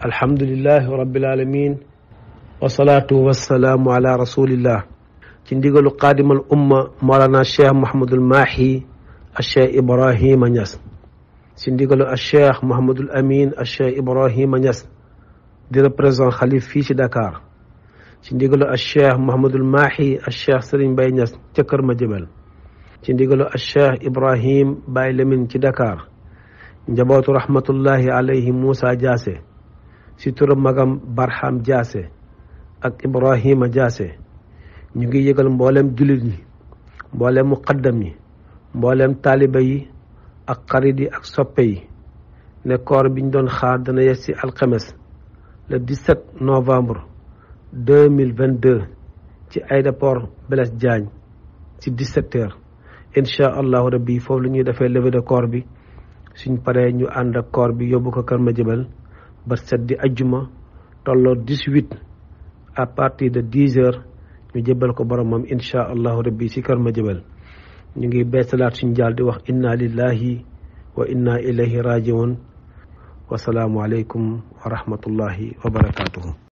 الحمد لله رب العالمين والصلاة والسلام على رسول الله تندقل قادم الأمة مولانا الشيخ محمد الماحي الشيخ إبراهيم نيس تندقل الشيخ محمد الأمين الشيخ إبراهيم نيس دير بريزون خليف في دكار تندقل الشيخ محمد الماحي الشيخ سرين باي نيس تكر مجمل تندقل الشيخ إبراهيم باي لمن في دكار رحمة الله عليه موسى جاسي si turu magam Barham jase ak Ibrahima Jaase ñu ngi yëgal mboolem jullit ñi mboolem muqaddam yi mboolem taaliba yi ak xarit yi ak soppe yi ne koor biñ doon xaar dana yes ci alxames le 17 novembre 2022 ci aéroport Blaise Diagne ci 17 heures incha allahu rabbi foofu la ñuy defee levée de corps bi suñ paree ñu ànd ak corps bi yóbbu ko kër ma jëbal ba seddi ajjuma tolloo dix-huit à partir de dix heures ñu jëbal ko boromam incha allahu rabbi si kër ma jëbal ñu ngi beesalaat suñ jaal di wax inna lillahi wa inna ilayhi rajiun wasalaamu aleykum wa rahmatullahi wa barakatuhu